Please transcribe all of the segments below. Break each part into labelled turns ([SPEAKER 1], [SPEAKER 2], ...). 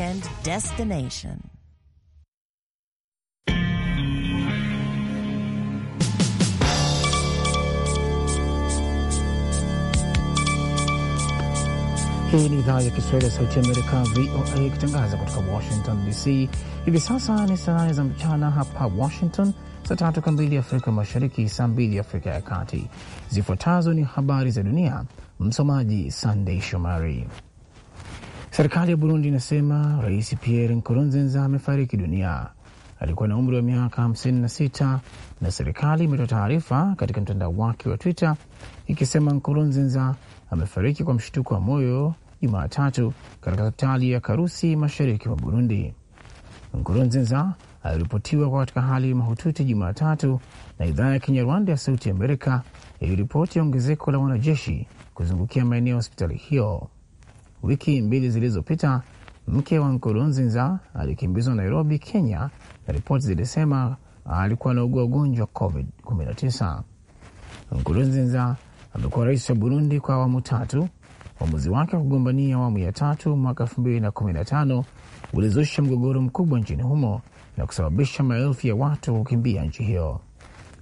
[SPEAKER 1] weekend destination. Hii ni idhaa ya Kiswahili ya Sauti Amerika, VOA, ikitangaza kutoka Washington DC. Hivi sasa ni saa nane za mchana hapa Washington, saa tatu kamili Afrika Mashariki, saa mbili Afrika ya Kati. Zifuatazo ni habari za dunia, msomaji Sandei Shomari. Serikali ya Burundi inasema Rais Pierre Nkurunziza amefariki dunia, alikuwa na umri wa miaka 56, na serikali imetoa taarifa katika mtandao wake wa Twitter ikisema Nkurunziza amefariki kwa mshtuko wa moyo Jumatatu katika hospitali ya Karusi mashariki mwa Burundi. Nkurunziza aliripotiwa kwa katika hali mahututi Jumatatu na idhaa ya Kinyarwanda ya Sauti ya Amerika iliripoti ongezeko la wanajeshi kuzungukia maeneo ya hospitali hiyo. Wiki mbili zilizopita mke wa Nkurunziza alikimbizwa Nairobi, Kenya, na ripoti zilisema alikuwa anaugua ugonjwa COVID-19. Nkurunziza amekuwa rais wa Burundi kwa awamu tatu. Uamuzi wake wa kugombania awamu ya tatu mwaka 2015 ulizusha mgogoro mkubwa nchini humo na kusababisha maelfu ya watu kukimbia nchi hiyo.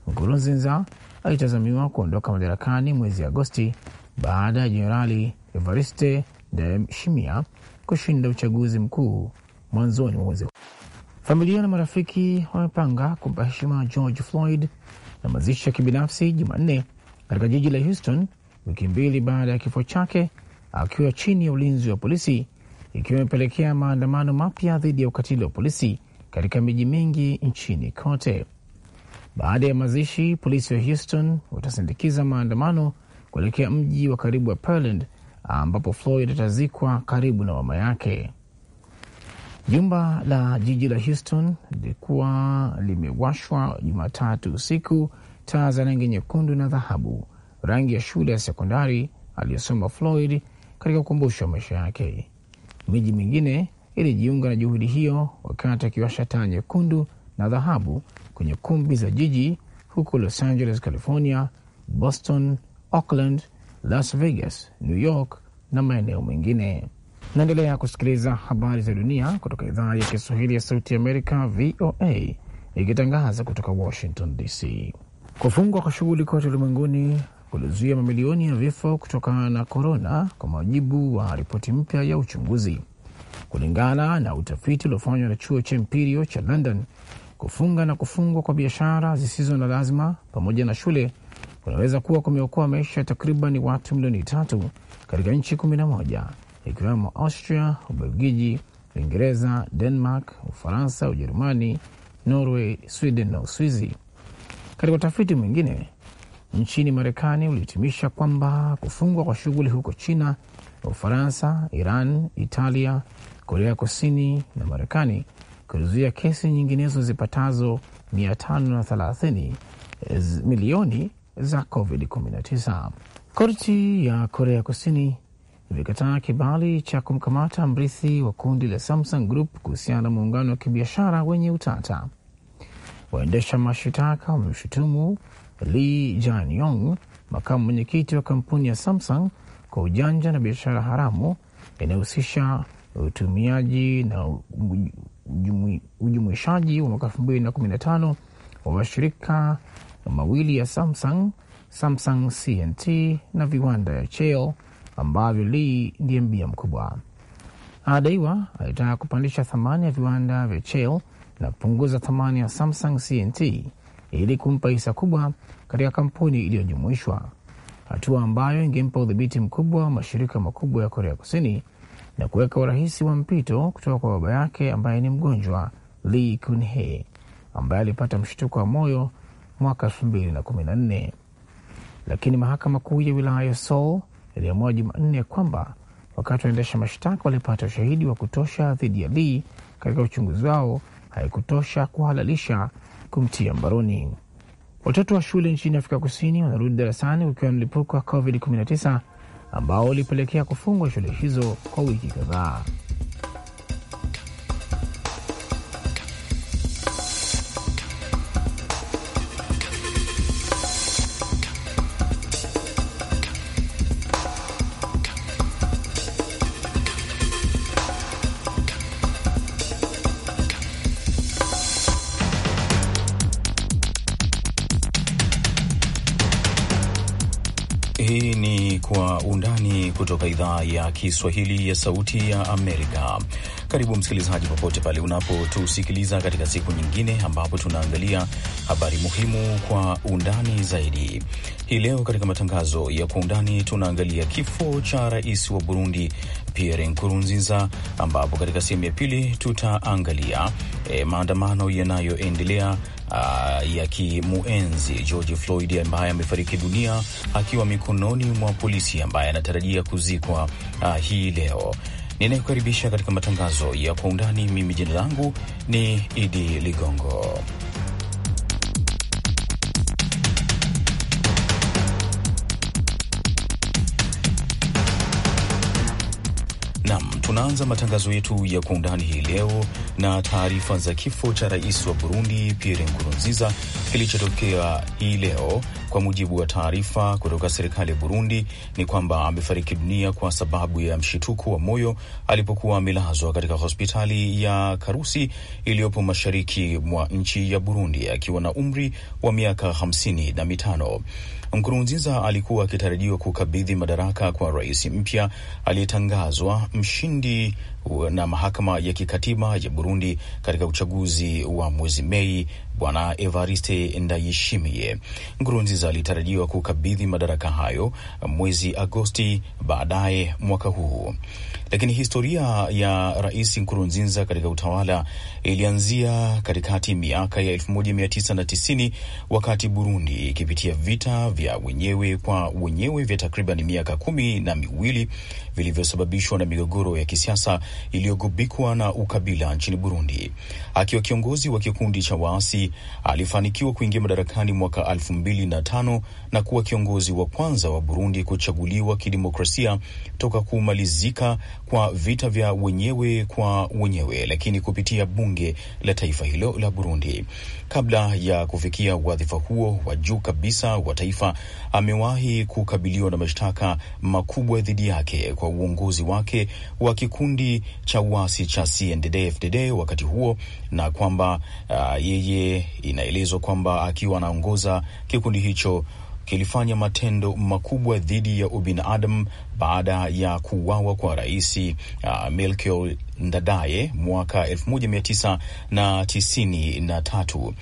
[SPEAKER 1] Nkurunziza alitazamiwa kuondoka madarakani mwezi Agosti baada ya Jenerali Evariste Ndayishimiye kushinda uchaguzi mkuu mwanzoni mwa mwezi Familia na marafiki wamepanga kumpa heshima George Floyd na mazishi ya kibinafsi Jumanne katika jiji la Houston, wiki mbili baada ya kifo chake, akiwa chini ya ulinzi wa polisi, ikiwa imepelekea maandamano mapya dhidi ya ukatili wa polisi katika miji mingi nchini kote. Baada ya mazishi, polisi wa Houston watasindikiza maandamano kuelekea mji wa karibu wa Pearland ambapo Floyd atazikwa karibu na mama yake. Jumba la jiji la Houston lilikuwa limewashwa Jumatatu usiku taa za rangi nyekundu na dhahabu, rangi ya shule ya sekondari aliyosoma Floyd, katika ukumbusho wa maisha yake. Miji mingine ilijiunga na juhudi hiyo, wakati akiwasha taa nyekundu na dhahabu kwenye kumbi za jiji huku Los Angeles, California, Boston, Oakland, Las Vegas, New York na maeneo mengine. Naendelea kusikiliza habari za dunia kutoka idhaa ya Kiswahili ya Sauti Amerika, VOA, ikitangaza kutoka Washington DC. Kufungwa kwa shughuli kote ulimwenguni kulizuia mamilioni ya vifo kutokana na korona, kwa mujibu wa ripoti mpya ya uchunguzi. Kulingana na utafiti uliofanywa na chuo cha Imperial cha London, kufunga na kufungwa kwa biashara zisizo na lazima pamoja na shule kunaweza kuwa kumeokoa maisha ya takriban watu milioni tatu katika nchi kumi na moja ikiwemo Austria, Ubelgiji, Uingereza, Denmark, Ufaransa, Ujerumani, Norway, Sweden na Uswizi. Katika utafiti mwingine nchini Marekani ulihitimisha kwamba kufungwa kwa shughuli huko China, Ufaransa, Iran, Italia, Korea Kusini na Marekani kulizuia kesi nyinginezo zipatazo 530 eh, milioni za COVID-19. Korti ya Korea Kusini imekataa kibali cha kumkamata mrithi wa kundi la Samsung Group kuhusiana na muungano wa kibiashara wenye utata. Waendesha mashitaka wamemshutumu Lee jan yong makamu mwenyekiti wa kampuni ya Samsung, kwa ujanja na biashara haramu inayohusisha utumiaji na ujumuishaji wa mwaka 2015 wa mashirika mawili ya Samsung Samsung, CNT na viwanda ya Shell ambavyo Lee ndiye mbia mkubwa. Adaiwa alitaka kupandisha thamani ya viwanda vya Shell na kupunguza thamani ya Samsung CNT ili kumpa hisa kubwa katika kampuni iliyojumuishwa, hatua ambayo ingempa udhibiti mkubwa wa mashirika makubwa ya Korea Kusini na kuweka urahisi wa mpito kutoka kwa baba yake ambaye ni mgonjwa Lee Kun-hee ambaye alipata mshtuko wa moyo mwaka 2014 lakini mahakama kuu ya wilaya ya Seoul iliamua Jumanne kwamba wakati waendesha mashtaka walipata ushahidi wa kutosha dhidi ya Lee katika uchunguzi wao, haikutosha kuhalalisha kumtia mbaroni. Watoto wa shule nchini Afrika Kusini wanarudi darasani ukiwa mlipuko wa COVID-19 ambao ulipelekea kufungwa shule hizo kwa wiki kadhaa.
[SPEAKER 2] idhaa ya Kiswahili ya Sauti ya Amerika. Karibu msikilizaji, popote pale unapotusikiliza katika siku nyingine ambapo tunaangalia habari muhimu kwa undani zaidi. Hii leo katika matangazo ya kwa undani tunaangalia kifo cha rais wa Burundi Pierre Nkurunziza, ambapo katika sehemu ya pili tutaangalia e, maandamano yanayoendelea uh, kimuenzi George Floyd ambaye amefariki dunia akiwa mikononi mwa polisi ambaye anatarajia kuzikwa uh, hii leo. Ninayekukaribisha katika matangazo ya kwa undani, mimi jina langu ni Idi Ligongo. Tunaanza matangazo yetu ya kwa undani hii leo na taarifa za kifo cha rais wa Burundi Pierre Nkurunziza kilichotokea hii leo kwa mujibu wa taarifa kutoka serikali ya Burundi ni kwamba amefariki dunia kwa sababu ya mshituko wa moyo alipokuwa amelazwa katika hospitali ya Karusi iliyopo mashariki mwa nchi ya Burundi akiwa na umri wa miaka hamsini na mitano. Nkurunziza alikuwa akitarajiwa kukabidhi madaraka kwa rais mpya aliyetangazwa mshindi na mahakama ya kikatiba ya Burundi katika uchaguzi wa mwezi Mei, Bwana Evariste Ndayishimiye. Nkurunziza alitarajiwa kukabidhi madaraka hayo mwezi Agosti baadaye mwaka huu, lakini historia ya Rais Nkurunziza katika utawala ilianzia katikati miaka ya 1990 wakati Burundi ikipitia vita vya wenyewe kwa wenyewe vya takriban miaka kumi na miwili vilivyosababishwa na migogoro ya kisiasa iliyogubikwa na ukabila nchini Burundi. Akiwa kiongozi wa kikundi cha waasi, alifanikiwa kuingia madarakani mwaka elfu mbili na tano na kuwa kiongozi wa kwanza wa Burundi kuchaguliwa kidemokrasia toka kumalizika kwa vita vya wenyewe kwa wenyewe, lakini kupitia bunge la taifa hilo la Burundi. Kabla ya kufikia wadhifa huo wa juu kabisa wa taifa, amewahi kukabiliwa na mashtaka makubwa dhidi yake kwa uongozi wake wa kikundi cha uasi cha CNDD-FDD wakati huo, na kwamba uh, yeye inaelezwa kwamba akiwa anaongoza kikundi hicho kilifanya matendo makubwa dhidi ya ubinadamu baada ya kuuawa kwa rais uh, Melchior Ndadaye mwaka 1993.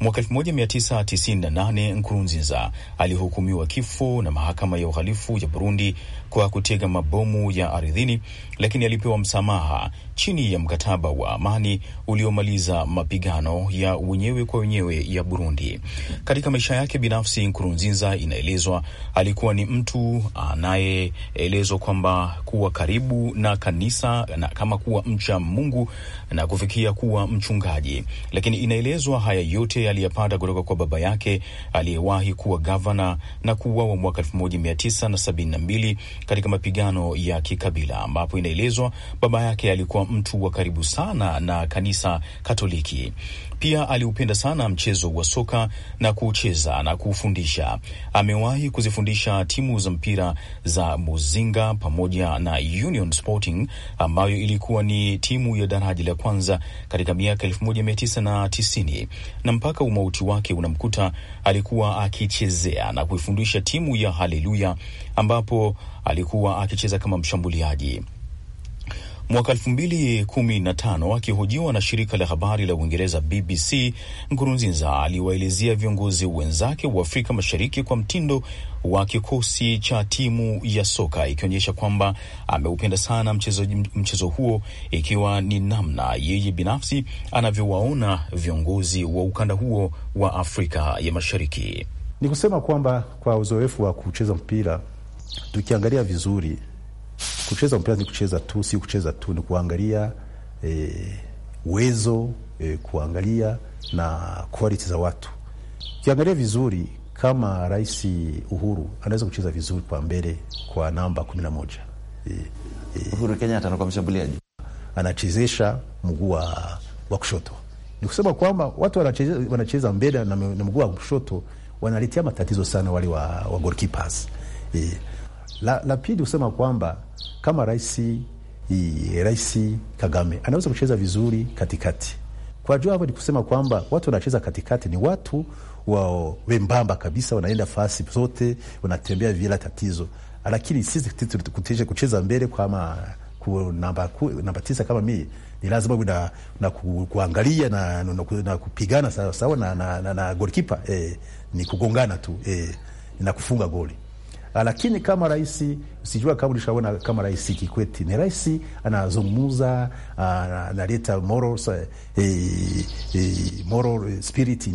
[SPEAKER 2] Mwaka 1998 Nkurunziza alihukumiwa kifo na mahakama ya uhalifu ya Burundi kwa kutega mabomu ya ardhini, lakini alipewa msamaha chini ya mkataba wa amani uliomaliza mapigano ya wenyewe kwa wenyewe ya Burundi. Katika maisha yake binafsi, Nkurunziza inaelezwa alikuwa ni mtu anayeelezwa kwamba kuwa karibu na kanisa na kama kuwa mcha Mungu na kufikia kuwa mchungaji, lakini inaelezwa haya yote aliyapata kutoka kwa baba yake aliyewahi kuwa gavana na kuuawa mwaka 1972 katika mapigano ya kikabila, ambapo inaelezwa baba yake alikuwa mtu wa karibu sana na kanisa Katoliki. Pia aliupenda sana mchezo wa soka na kuucheza na kuufundisha. Amewahi kuzifundisha timu za mpira za Muzinga pamoja na Union Sporting ambayo ilikuwa ni ni timu ya daraja la kwanza katika miaka elfu moja mia tisa na tisini na mpaka umauti wake unamkuta alikuwa akichezea na kuifundisha timu ya Haleluya ambapo alikuwa akicheza kama mshambuliaji. Mwaka 2015 akihojiwa na shirika la habari la Uingereza BBC, Nkurunziza aliwaelezea viongozi wenzake wa Afrika Mashariki kwa mtindo wa kikosi cha timu ya soka, ikionyesha kwamba ameupenda sana mchezo, mchezo huo, ikiwa ni namna yeye binafsi anavyowaona viongozi wa ukanda huo wa Afrika ya Mashariki.
[SPEAKER 3] Ni kusema kwamba kwa uzoefu wa kucheza mpira tukiangalia vizuri kucheza mpira ni kucheza tu, si kucheza tu, ni kuangalia e, uwezo e, e, kuangalia na quality za watu. Ukiangalia vizuri, kama Rais Uhuru anaweza kucheza vizuri kwa mbele kwa namba kumi na moja e, e, Uhuru Kenyatta anakuwa mshambuliaji, anachezesha mguu wa wa kushoto. Ni kusema kwamba watu wanacheza, wanacheza mbele na, na mguu wa kushoto wanaletea matatizo sana wale wa, wa goalkeepers e. La, la pili husema kwamba kama rais rais Kagame anaweza kucheza vizuri katikati. Kwa jua hapo ni kusema kwamba watu wanacheza katikati ni watu wao wembamba kabisa, wanaenda fasi zote, wanatembea bila tatizo, lakini sisi kucheza mbele kwa kama namba, namba tisa kama mimi ni lazima na, na ku, kuangalia na, na, na kupigana sawa sawa na, na, na, na golikipa eh, ni kugongana tu eh, na kufunga goli. Ah, lakini kama rais sijua kama ulishaona kama rais Kikwete ni rais anazungumza, ah, analeta moral, eh, eh, eh, moral spirit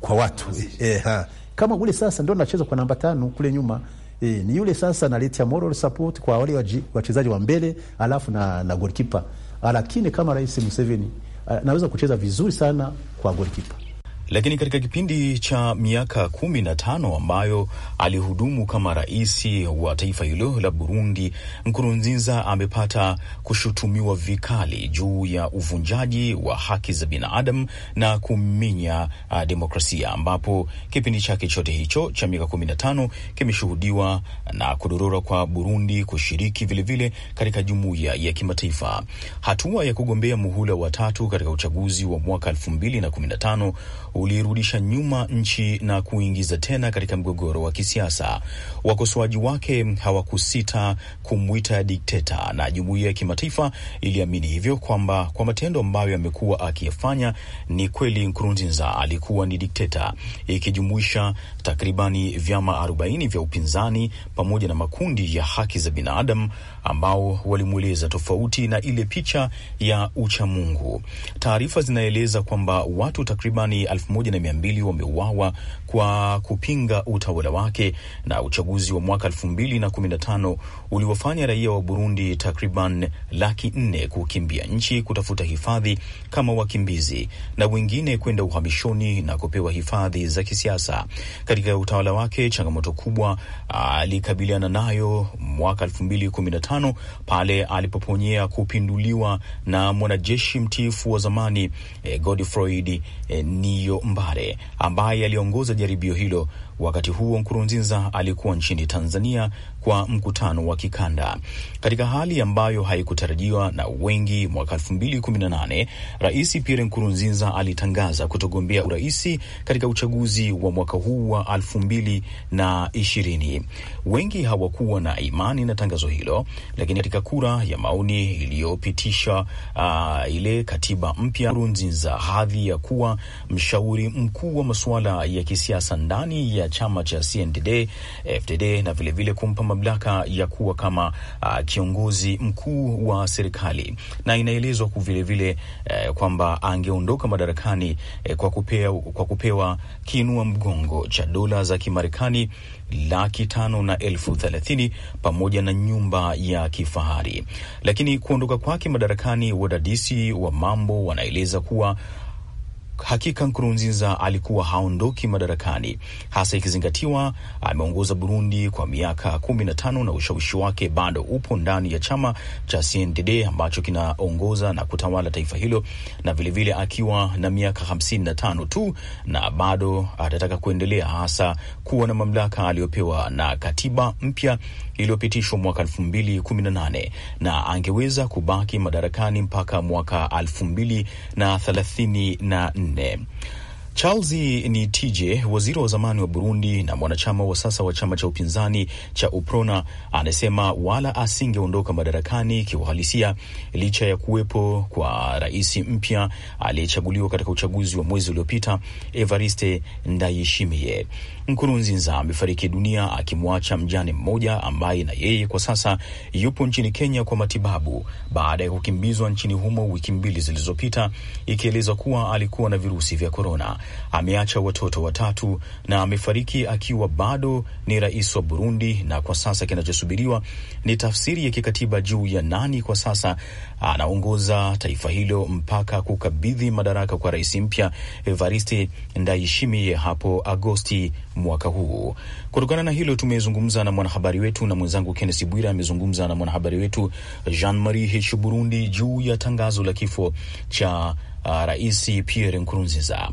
[SPEAKER 3] kwa watu eh, ha. Kama ule sasa ndo nacheza kwa namba tano kule nyuma eh, ni yule sasa analeta moral support kwa wale wachezaji wa mbele alafu na, na goalkeeper, ah, lakini kama rais Museveni anaweza kucheza vizuri sana kwa goalkeeper
[SPEAKER 2] lakini katika kipindi cha miaka kumi na tano ambayo alihudumu kama rais wa taifa hilo la Burundi, Nkurunziza amepata kushutumiwa vikali juu ya uvunjaji wa haki za binadamu na kuminya uh, demokrasia, ambapo kipindi chake chote hicho cha miaka kumi na tano kimeshuhudiwa na kudorora kwa Burundi kushiriki vilevile katika jumuiya ya, ya kimataifa. Hatua ya kugombea muhula wa tatu katika uchaguzi wa mwaka elfu mbili na kumi na tano ulirudisha nyuma nchi na kuingiza tena katika mgogoro wa kisiasa. Wakosoaji wake hawakusita kumwita dikteta, na jumuiya ya kimataifa iliamini hivyo kwamba kwa matendo ambayo amekuwa akiyafanya ni kweli Nkurunziza alikuwa ni dikteta, ikijumuisha takribani vyama 40 vya upinzani pamoja na makundi ya haki za binadamu ambao walimweleza tofauti na ile picha ya uchamungu. Taarifa zinaeleza kwamba watu takribani elfu moja na mia mbili wameuawa kwa kupinga utawala wake, na uchaguzi wa mwaka elfu mbili na kumi na tano raia wa Burundi takriban laki nne kukimbia nchi kutafuta hifadhi kama wakimbizi na wengine kwenda uhamishoni na kupewa hifadhi za kisiasa. Katika utawala wake, changamoto kubwa alikabiliana nayo mwaka elfu mbili kumi na tano tano pale alipoponyea kupinduliwa na mwanajeshi mtiifu wa zamani eh, Godfroid eh, Niyombare ambaye aliongoza jaribio hilo Wakati huo Nkurunziza alikuwa nchini Tanzania kwa mkutano wa kikanda katika hali ambayo haikutarajiwa na wengi. Mwaka elfu Rais Pierre Nkurunziza alitangaza kutogombea uraisi katika uchaguzi wa mwaka huu wa elfu Wengi hawakuwa na imani na tangazo hilo, lakini katika kura ya maoni iliyopitisha uh, ile katiba mpya, Nkurunziza hadhi ya kuwa mshauri mkuu wa masuala ya kisiasa ndani ya chama cha CNDD FDD na vilevile kumpa mamlaka ya kuwa kama uh, kiongozi mkuu wa serikali, na inaelezwa vilevile eh, kwamba angeondoka madarakani eh, kwa kupewa, kwa kupewa kiinua mgongo cha dola za Kimarekani laki tano na elfu thelathini pamoja na nyumba ya kifahari. Lakini kuondoka kwake madarakani, wadadisi wa mambo wanaeleza kuwa Hakika Nkurunziza alikuwa haondoki madarakani, hasa ikizingatiwa ameongoza Burundi kwa miaka kumi na tano na ushawishi wake bado upo ndani ya chama cha CNDD ambacho kinaongoza na kutawala taifa hilo, na vilevile vile akiwa na miaka hamsini na tano tu, na bado atataka kuendelea, hasa kuwa na mamlaka aliyopewa na katiba mpya iliyopitishwa mwaka elfu mbili kumi na nane na angeweza kubaki madarakani mpaka mwaka elfu mbili na thelathini na nne. Charles ni tije waziri wa zamani wa Burundi na mwanachama wa sasa wa chama cha upinzani cha UPRONA anasema wala asingeondoka madarakani kiuhalisia licha ya kuwepo kwa rais mpya aliyechaguliwa katika uchaguzi wa mwezi uliopita, Evariste Ndayishimiye. Nkurunziza amefariki dunia akimwacha mjane mmoja ambaye na yeye kwa sasa yupo nchini Kenya kwa matibabu baada ya kukimbizwa nchini humo wiki mbili zilizopita, ikielezwa kuwa alikuwa na virusi vya korona ameacha watoto watatu na amefariki akiwa bado ni rais wa Burundi, na kwa sasa kinachosubiriwa ni tafsiri ya kikatiba juu ya nani kwa sasa anaongoza taifa hilo mpaka kukabidhi madaraka kwa rais mpya Evariste Ndayishimiye hapo Agosti mwaka huu. Kutokana na hilo, tumezungumza na mwanahabari wetu na mwenzangu Kennesi Bwira amezungumza na mwanahabari wetu Jean Marie Hich Burundi juu ya tangazo la kifo cha uh, Rais Pierre Nkurunziza.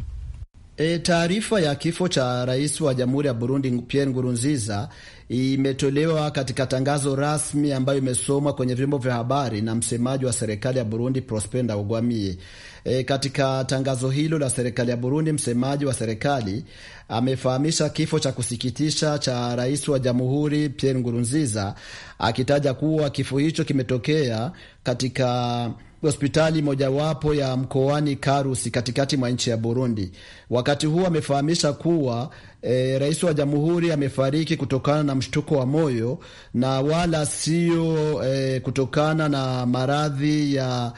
[SPEAKER 4] E, taarifa ya kifo cha rais wa Jamhuri ya Burundi Pierre Nkurunziza imetolewa katika tangazo rasmi ambayo imesomwa kwenye vyombo vya habari na msemaji wa serikali ya Burundi Prosper Ndawugwamiye. E, katika tangazo hilo la serikali ya Burundi, msemaji wa serikali amefahamisha kifo cha kusikitisha cha rais wa Jamhuri Pierre Nkurunziza akitaja kuwa kifo hicho kimetokea katika hospitali mojawapo ya mkoani Karusi katikati mwa nchi ya Burundi. Wakati huu amefahamisha kuwa e, rais wa jamhuri amefariki kutokana na mshtuko wa moyo na wala sio e, kutokana na maradhi ya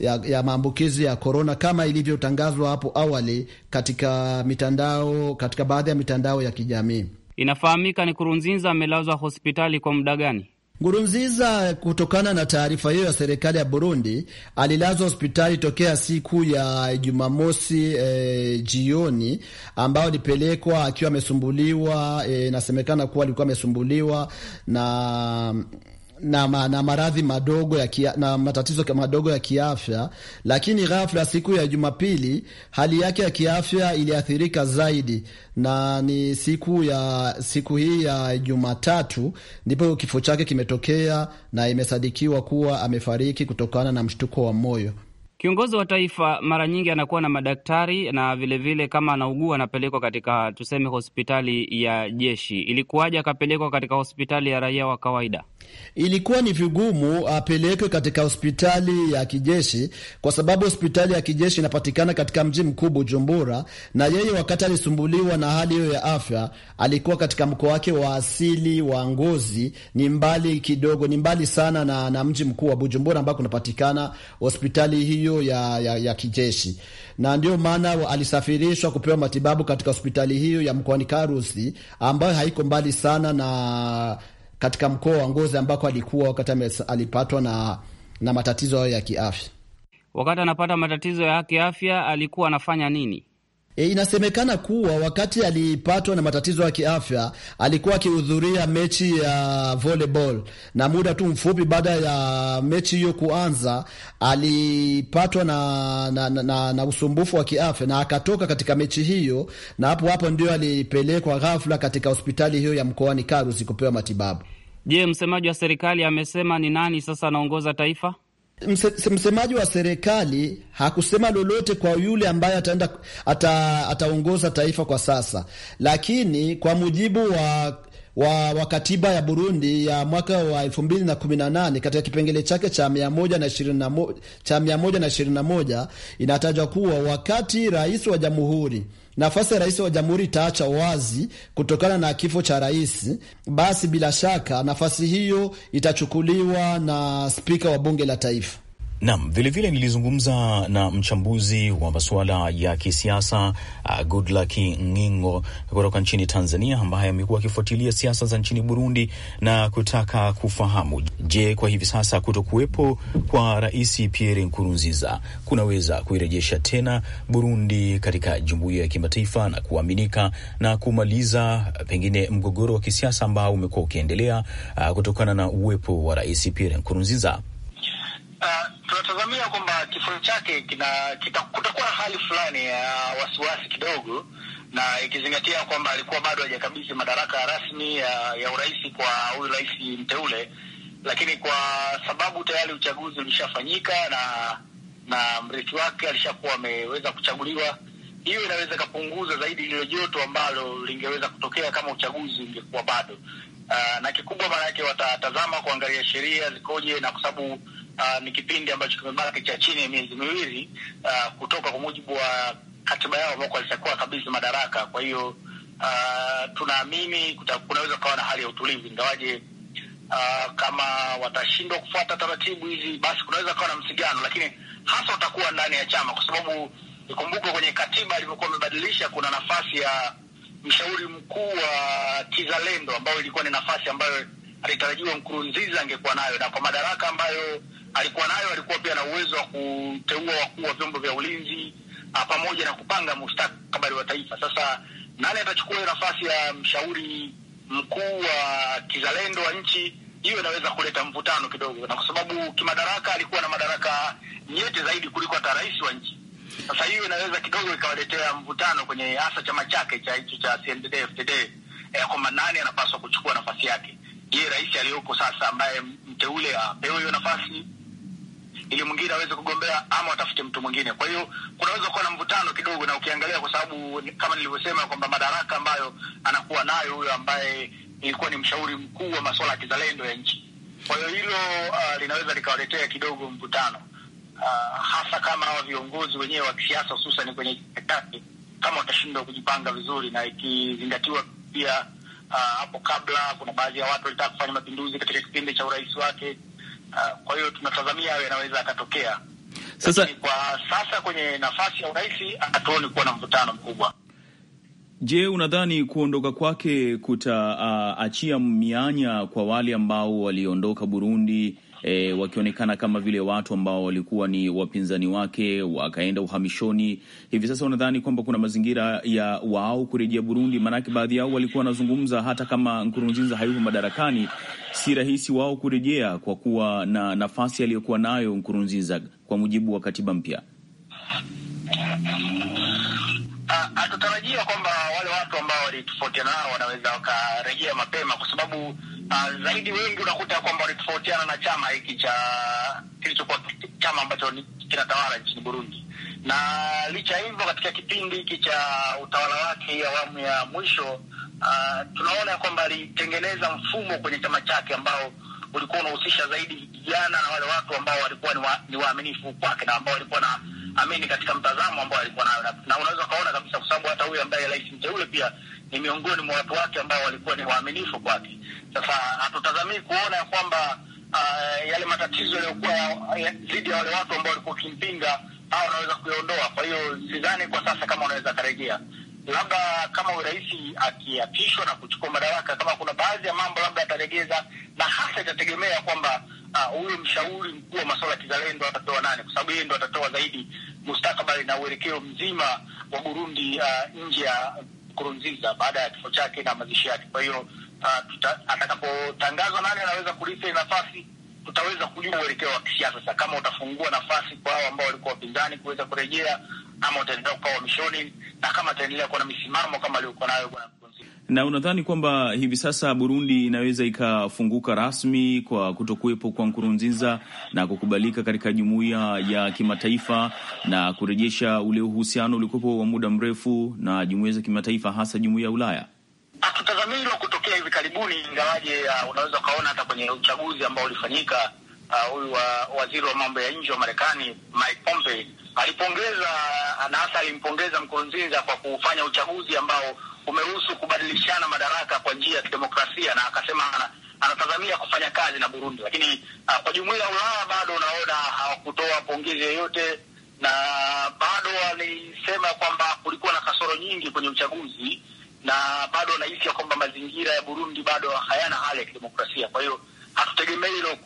[SPEAKER 4] ya, ya maambukizi ya korona kama ilivyotangazwa hapo awali katika mitandao, katika baadhi ya mitandao ya kijamii.
[SPEAKER 5] Inafahamika kurunzinza amelazwa hospitali kwa muda gani?
[SPEAKER 4] Ngurunziza, kutokana na taarifa hiyo ya serikali ya Burundi, alilazwa hospitali tokea siku ya Jumamosi e, jioni ambayo alipelekwa akiwa amesumbuliwa, eh, inasemekana e, kuwa alikuwa amesumbuliwa na na, ma, na maradhi madogo ya kia, na matatizo madogo ya kiafya, lakini ghafla siku ya Jumapili hali yake ya kiafya iliathirika zaidi, na ni siku ya siku hii ya Jumatatu ndipo kifo chake kimetokea na imesadikiwa kuwa amefariki kutokana na mshtuko wa moyo.
[SPEAKER 5] Kiongozi wa taifa mara nyingi anakuwa na madaktari na vilevile vile, kama anaugua anapelekwa katika tuseme hospitali ya jeshi. Ilikuwaje akapelekwa katika hospitali ya raia wa kawaida?
[SPEAKER 4] ilikuwa ni vigumu apelekwe katika hospitali ya kijeshi kwa sababu hospitali ya kijeshi inapatikana katika mji mkuu Bujumbura, na yeye wakati alisumbuliwa na hali hiyo ya afya alikuwa katika mkoa wake wa asili wa Ngozi. Ni mbali kidogo, ni mbali sana na, na mji mkuu wa Bujumbura ambako kunapatikana hospitali hiyo ya, ya, ya kijeshi, na ndio maana alisafirishwa kupewa matibabu katika hospitali hiyo ya mkoani Karusi ambayo haiko mbali sana na katika mkoa wa Ngozi ambako alikuwa wakati alipatwa na, na matatizo hayo ya kiafya.
[SPEAKER 5] Wakati anapata matatizo ya kiafya alikuwa anafanya nini?
[SPEAKER 4] E, inasemekana kuwa wakati alipatwa na matatizo ya kiafya alikuwa akihudhuria mechi ya volleyball, na muda tu mfupi baada ya mechi hiyo kuanza alipatwa na, na, na, na, na usumbufu wa kiafya na akatoka katika mechi hiyo, na hapo hapo ndio alipelekwa ghafla katika hospitali hiyo ya mkoani Karusi kupewa matibabu.
[SPEAKER 5] Je, msemaji wa serikali amesema ni nani sasa anaongoza taifa?
[SPEAKER 4] Mse, msemaji wa serikali hakusema lolote kwa yule ambaye ataenda ata, ataongoza taifa kwa sasa, lakini kwa mujibu wa wa, wa katiba ya Burundi ya mwaka wa 2018 katika kipengele chake cha 121 cha 121 inatajwa kuwa wakati rais wa jamhuri nafasi ya rais wa jamhuri itaacha wazi kutokana na kifo cha rais, basi bila shaka nafasi hiyo itachukuliwa na spika wa bunge la taifa.
[SPEAKER 2] Naam, vilevile nilizungumza na mchambuzi wa masuala ya kisiasa uh, Goodluck Ngingo kutoka nchini Tanzania ambaye amekuwa akifuatilia siasa za nchini Burundi na kutaka kufahamu, je, kwa hivi sasa kuto kuwepo kwa Rais Pierre Nkurunziza kunaweza kuirejesha tena Burundi katika jumuiya ya kimataifa na kuaminika na kumaliza uh, pengine mgogoro wa kisiasa ambao umekuwa ukiendelea uh, kutokana na uwepo wa Rais Pierre Nkurunziza
[SPEAKER 5] uh tunatazamia kwamba kifo chake kutakuwa na hali fulani ya wasiwasi kidogo, na ikizingatia kwamba alikuwa bado hajakabidhi madaraka rasmi ya, ya urais kwa huyu rais mteule, lakini kwa sababu tayari uchaguzi ulishafanyika na na mrithi wake alishakuwa ameweza kuchaguliwa, hiyo inaweza ikapunguza zaidi lile joto ambalo lingeweza kutokea kama uchaguzi ungekuwa bado. Uh, na kikubwa maana yake watatazama kuangalia sheria zikoje, na kwa sababu uh, ni kipindi ambacho kimebaki cha chini ya miezi miwili uh, kutoka kwa mujibu wa katiba yao ambao walishakuwa kabisa madaraka. Kwa hiyo uh, tunaamini kunaweza kukawa na hali ya utulivu, ingawaje uh, kama watashindwa kufuata taratibu hizi, basi kunaweza kawa na msigano, lakini hasa utakuwa ndani ya chama, kwa sababu ikumbukwe kwenye katiba ilivyokuwa imebadilisha, kuna nafasi ya mshauri mkuu wa kizalendo ambayo ilikuwa ni nafasi ambayo alitarajiwa Nkurunziza angekuwa nayo na kwa madaraka ambayo alikuwa nayo, alikuwa pia na uwezo wa kuteua wakuu wa vyombo vya ulinzi ah, pamoja na kupanga mustakabali wa taifa. Sasa nani atachukua hiyo nafasi ya mshauri mkuu wa kizalendo wa nchi? Hiyo inaweza kuleta mvutano kidogo, na kwa sababu kimadaraka alikuwa na madaraka nyeti zaidi kuliko hata rais wa nchi. Sasa hiyo inaweza kidogo ikawaletea mvutano kwenye hasa chama chake cha hicho cha CNDD-FDD eh, kwamba nani anapaswa kuchukua nafasi yake. Je, rais aliyoko sasa ambaye mteule apewe hiyo nafasi ili mwingine aweze kugombea ama watafute mtu mwingine. Kwa hiyo kunaweza kuwa na mvutano kidogo, na ukiangalia, kwa sababu kama nilivyosema kwamba madaraka ambayo anakuwa nayo huyo ambaye ilikuwa ni mshauri mkuu wa masuala ya kizalendo ya nchi. Kwa hiyo hilo uh, linaweza likawaletea kidogo mvutano uh, hasa kama hawa viongozi wenyewe wa kisiasa hususan kwenye kati kama watashindwa kujipanga vizuri, na ikizingatiwa pia ah, hapo uh, kabla kuna baadhi ya watu walitaka kufanya mapinduzi katika kipindi cha urais wake Ah, kwa hiyo tunatazamia hayo yanaweza akatokea sasa. Kwa sasa kwenye nafasi ya urais hatuoni kuwa na mvutano mkubwa.
[SPEAKER 6] Je, unadhani
[SPEAKER 2] kuondoka kwake kutaachia uh, mianya kwa wale ambao waliondoka Burundi e, wakionekana kama vile watu ambao walikuwa ni wapinzani wake wakaenda uhamishoni? Hivi sasa unadhani kwamba kuna mazingira ya wao kurejea Burundi? Maanake baadhi yao walikuwa wanazungumza hata kama Nkurunziza hayupo madarakani, si rahisi wao kurejea kwa kuwa na nafasi aliyokuwa nayo Nkurunziza kwa mujibu wa katiba mpya.
[SPEAKER 5] Ah, hatutarajia kwamba wale watu ambao walitofautiana nao wanaweza wakarejea mapema, kwa sababu ah, zaidi wengi unakuta kwamba walitofautiana na chama hiki cha kilichokuwa chama ambacho kinatawala nchini Burundi, na licha hivyo, katika kipindi hiki cha utawala wake hii awamu ya mwisho uh, tunaona kwamba alitengeneza mfumo kwenye chama chake ambao ulikuwa unahusisha zaidi vijana na wale watu ambao walikuwa ni waaminifu kwake na ambao walikuwa na amini katika mtazamo ambao alikuwa nayo, na unaweza ukaona kabisa, kwa sababu hata huyu ambaye rais mteule pia ni miongoni mwa watu wake ambao walikuwa ni waaminifu kwake. Sasa hatutazamii kuona ya kwamba uh, yale matatizo yaliyokuwa dhidi ya wale watu ambao walikuwa wakimpinga au wanaweza kuyaondoa. Kwa hiyo sidhani kwa sasa kama unaweza karejea, labda kama urais akiapishwa na kuchukua madaraka, kama kuna baadhi ya mambo labda ataregeza, na hasa itategemea kwamba Ah, huyo mshauri mkuu wa masuala ya kizalendo atatoa nani? Kwa sababu yeye ndo atatoa zaidi mustakabali na uelekeo mzima wa Burundi uh, nje ya Kurunziza baada ya kifo chake na mazishi yake. Kwa hiyo uh, atakapotangazwa nani anaweza kurithi nafasi, tutaweza kujua uelekeo wa kisiasa sasa, kama utafungua nafasi kwa hao ambao walikuwa wapinzani kuweza kurejea ama utaendelea kukaa uhamishoni na kama ataendelea kuwa na misimamo kama aliyokuwa nayo bwana
[SPEAKER 2] na unadhani kwamba hivi sasa Burundi inaweza ikafunguka rasmi kwa kutokuwepo kwa Nkurunziza na kukubalika katika jumuiya ya kimataifa na kurejesha ule uhusiano uliokuwepo wa muda mrefu na jumuiya za kimataifa, hasa jumuiya ya Ulaya?
[SPEAKER 5] Hatutazamii hilo kutokea hivi karibuni, ingawaje uh, unaweza ukaona hata kwenye uchaguzi ambao ulifanyika uh, huyu uh, wa waziri wa mambo ya nje wa Marekani Mike Pompeo alipongeza uh, na hasa alimpongeza Nkurunziza kwa kufanya uchaguzi ambao umeruhusu kubadilishana madaraka kwa njia ya kidemokrasia, na akasema anatazamia kufanya kazi na Burundi, lakini uh, kwa jumuiya ya Ulaya bado unaona hawakutoa pongezi yoyote, na bado walisema kwamba kulikuwa na kasoro nyingi kwenye uchaguzi, na bado wanahisi ya kwamba mazingira ya Burundi bado hayana hali ya kidemokrasia. Kwa hiyo hatutegemei hilo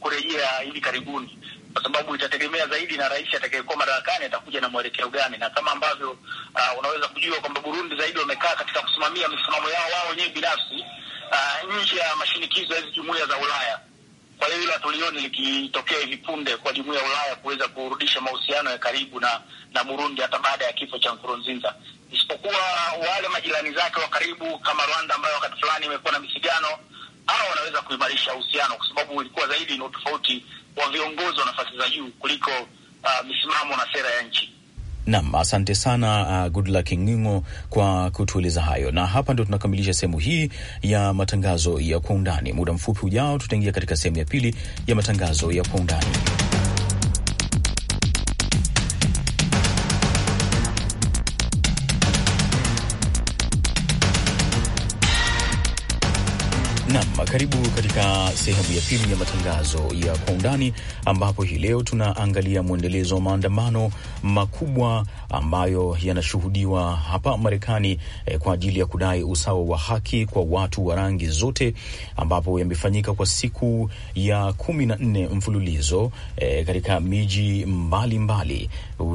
[SPEAKER 5] kurejea hivi karibuni, kwa sababu itategemea zaidi na rais atakayekuwa madarakani atakuja na mwelekeo gani, na kama ambavyo uh, unaweza kujua kwamba Burundi zaidi wamekaa katika kusimamia misimamo yao wao wenyewe binafsi uh, nje ya mashinikizo ya hizi jumuiya za Ulaya. Kwa hiyo hilo hatulioni likitokea hivi punde kwa jumuiya ya Ulaya kuweza kurudisha mahusiano ya karibu na na Burundi hata baada ya kifo cha Nkurunziza, isipokuwa wale majirani zake wa karibu kama Rwanda ambayo wakati fulani imekuwa na misigano, hao wanaweza kuimarisha uhusiano, kwa sababu ilikuwa zaidi ni utofauti wa viongozi wa nafasi za juu kuliko uh, misimamo na sera ya nchi.
[SPEAKER 2] Nam, asante sana uh, Goodluck Ngingo kwa kutueleza hayo, na hapa ndio tunakamilisha sehemu hii ya matangazo ya kwa undani. Muda mfupi ujao, tutaingia katika sehemu ya pili ya matangazo ya kwa undani. Nam, karibu katika sehemu ya pili ya matangazo ya kwa undani, ambapo hii leo tunaangalia mwendelezo wa maandamano makubwa ambayo yanashuhudiwa hapa Marekani eh, kwa ajili ya kudai usawa wa haki kwa watu wa rangi zote, ambapo yamefanyika kwa siku ya kumi na nne mfululizo eh, katika miji mbalimbali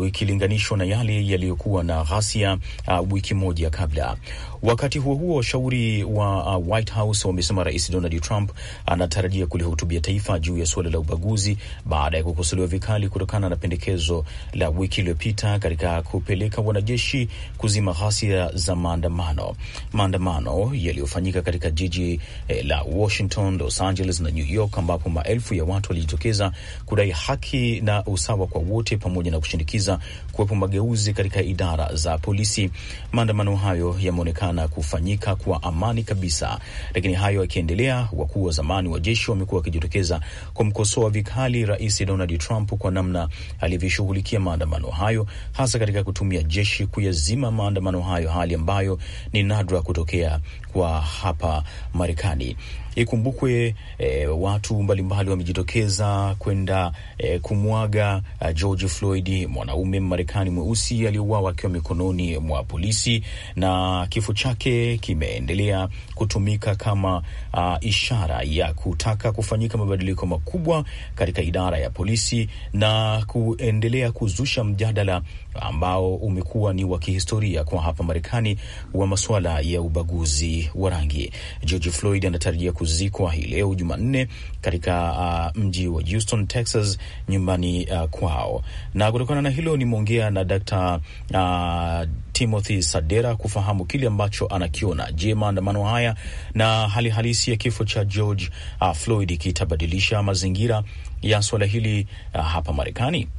[SPEAKER 2] ikilinganishwa na yale yaliyokuwa na ghasia uh, wiki moja kabla. Wakati huo huo, washauri wa uh, White House wamesema rais Donald Donald Trump anatarajia kulihutubia taifa juu ya suala la ubaguzi baada ya kukosolewa vikali kutokana na pendekezo la wiki iliyopita katika kupeleka wanajeshi kuzima ghasia za maandamano. Maandamano yaliyofanyika katika jiji eh, la Washington, Los Angeles na New York, ambapo maelfu ya watu walijitokeza kudai haki na usawa kwa wote pamoja na kushinikiza kuwepo mageuzi katika idara za polisi. Maandamano hayo yameonekana kufanyika kwa amani kabisa, lakini hayo yakiendelea wakuu wa zamani wa jeshi wamekuwa wakijitokeza kumkosoa vikali Rais Donald Trump kwa namna alivyoshughulikia maandamano hayo, hasa katika kutumia jeshi kuyazima maandamano hayo, hali ambayo ni nadra kutokea kwa hapa Marekani. Ikumbukwe e, watu mbalimbali wamejitokeza kwenda e, kumwaga eh, George Floyd, mwanaume marekani mweusi aliyeuawa akiwa mikononi mwa polisi, na kifo chake kimeendelea kutumika kama a, ah, ishara ya kutaka kufanyika mabadiliko makubwa katika idara ya polisi na kuendelea kuzusha mjadala ambao umekuwa ni wa kihistoria kwa hapa Marekani wa masuala ya ubaguzi wa rangi. George Floyd anatarajia kuzikwa hii leo Jumanne katika uh, mji wa Houston, Texas, nyumbani uh, kwao. Na kutokana na hilo nimeongea na Dr. uh, Timothy Sadera kufahamu kile ambacho anakiona. Je, maandamano haya na hali halisi ya kifo cha George uh, Floyd kitabadilisha mazingira ya suala hili uh, hapa Marekani?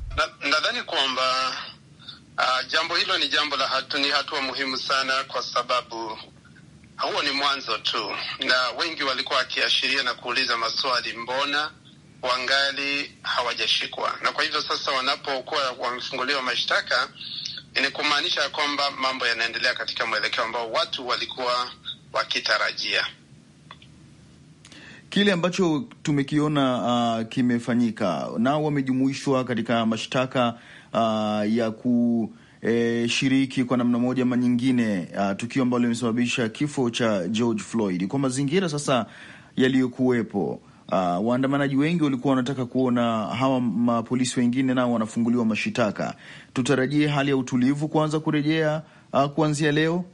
[SPEAKER 2] Nadhani
[SPEAKER 7] na kwamba uh, jambo hilo ni jambo la hatu, ni hatua muhimu sana kwa sababu huo ni mwanzo tu, na wengi walikuwa wakiashiria na kuuliza maswali, mbona wangali hawajashikwa? Na kwa hivyo sasa wanapokuwa wamefunguliwa mashtaka ni kumaanisha kwamba mambo yanaendelea katika mwelekeo ambao watu walikuwa
[SPEAKER 6] wakitarajia. Kile ambacho tumekiona uh, kimefanyika, nao wamejumuishwa katika mashtaka uh, ya ku e, shiriki kwa namna moja ama nyingine, uh, tukio ambalo limesababisha kifo cha George Floyd. Kwa mazingira sasa yaliyokuwepo, uh, waandamanaji wengi walikuwa wanataka kuona hawa mapolisi wengine nao wanafunguliwa mashitaka. Tutarajie hali ya utulivu kuanza kurejea uh, kuanzia leo.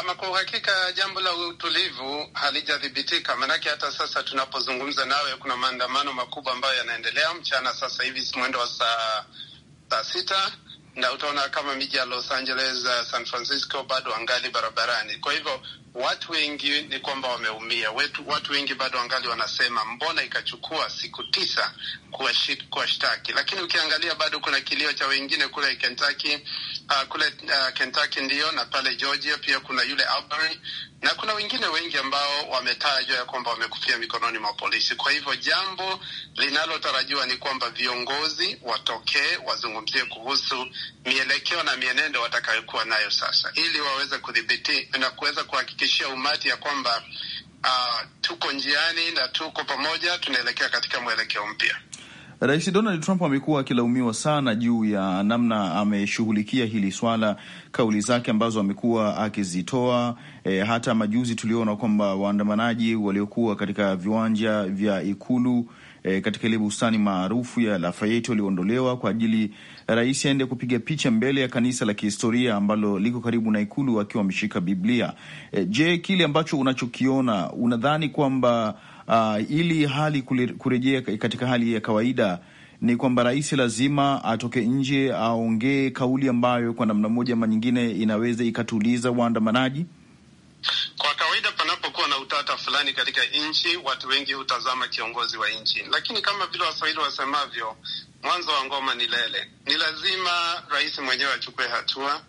[SPEAKER 7] Ama kwa uhakika jambo la utulivu halijathibitika, maanake hata sasa tunapozungumza nawe kuna maandamano makubwa ambayo yanaendelea mchana sasa hivi mwendo wa saa, saa sita na utaona kama miji ya Los Angeles, uh, San Francisco bado angali barabarani. Kwa hivyo watu wengi ni kwamba wameumia, watu wengi bado angali wanasema mbona ikachukua siku tisa kuwashtaki, lakini ukiangalia bado kuna kilio cha wengine kule Kentucky uh, kule uh, Kentucky ndio na pale Georgia pia kuna yule Auburn, na kuna wengine wengi ambao wametajwa ya kwamba wamekufia mikononi mwa polisi. Kwa hivyo jambo linalotarajiwa ni kwamba viongozi watokee wazungumzie kuhusu mielekeo na mienendo watakayokuwa nayo sasa, ili waweze kudhibiti na kuweza kuhakikishia umati ya kwamba uh, tuko njiani na tuko pamoja, tunaelekea katika mwelekeo
[SPEAKER 6] mpya. Rais Donald Trump amekuwa akilaumiwa sana juu ya namna ameshughulikia hili swala, kauli zake ambazo amekuwa akizitoa. E, hata majuzi tuliona kwamba waandamanaji waliokuwa katika viwanja vya ikulu E, katika ile bustani maarufu ya Lafayette waliondolewa kwa ajili rais aende kupiga picha mbele ya kanisa la kihistoria ambalo liko karibu na ikulu akiwa ameshika Biblia. E, je, kile ambacho unachokiona unadhani kwamba uh, ili hali kurejea katika hali ya kawaida ni kwamba rais lazima atoke nje aongee kauli ambayo kwa namna moja ama nyingine inaweza ikatuliza waandamanaji. Kwa kawaida, panapokuwa na utata fulani katika nchi, watu wengi
[SPEAKER 7] hutazama kiongozi wa nchi, lakini kama vile waswahili wasemavyo, mwanzo wa ngoma ni lele. Ni lazima rais mwenyewe achukue hatua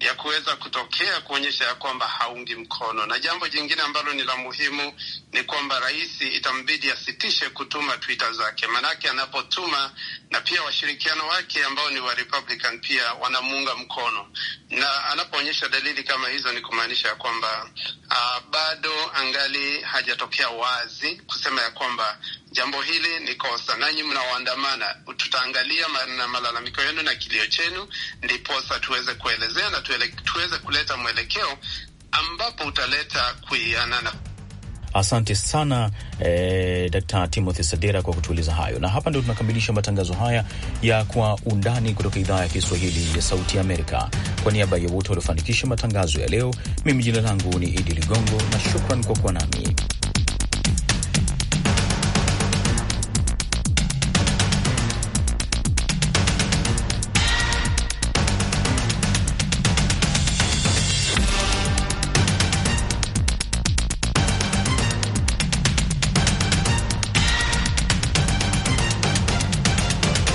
[SPEAKER 7] ya kuweza kutokea kuonyesha ya kwamba haungi mkono. Na jambo jingine ambalo ni la muhimu ni kwamba rais itambidi asitishe kutuma Twitter zake, maanake anapotuma na pia washirikiano wake ambao ni wa Republican pia wanamuunga mkono, na anapoonyesha dalili kama hizo ni kumaanisha ya kwamba uh, bado angali hajatokea wazi kusema ya kwamba Jambo hili ni kosa, nanyi mnaoandamana, tutaangalia na malalamiko yenu na kilio chenu, ndiposa tuweze kuelezea na tuele, tuweze kuleta mwelekeo
[SPEAKER 2] ambapo utaleta kuianana. Asante sana eh, Dkt. Timothy Sadera kwa kutueleza hayo, na hapa ndio tunakamilisha matangazo haya ya Kwa Undani kutoka idhaa ya Kiswahili ya Sauti ya Amerika. Kwa niaba ya wote waliofanikisha matangazo ya leo, mimi jina langu ni Idi Ligongo na shukran kwa kuwa nami.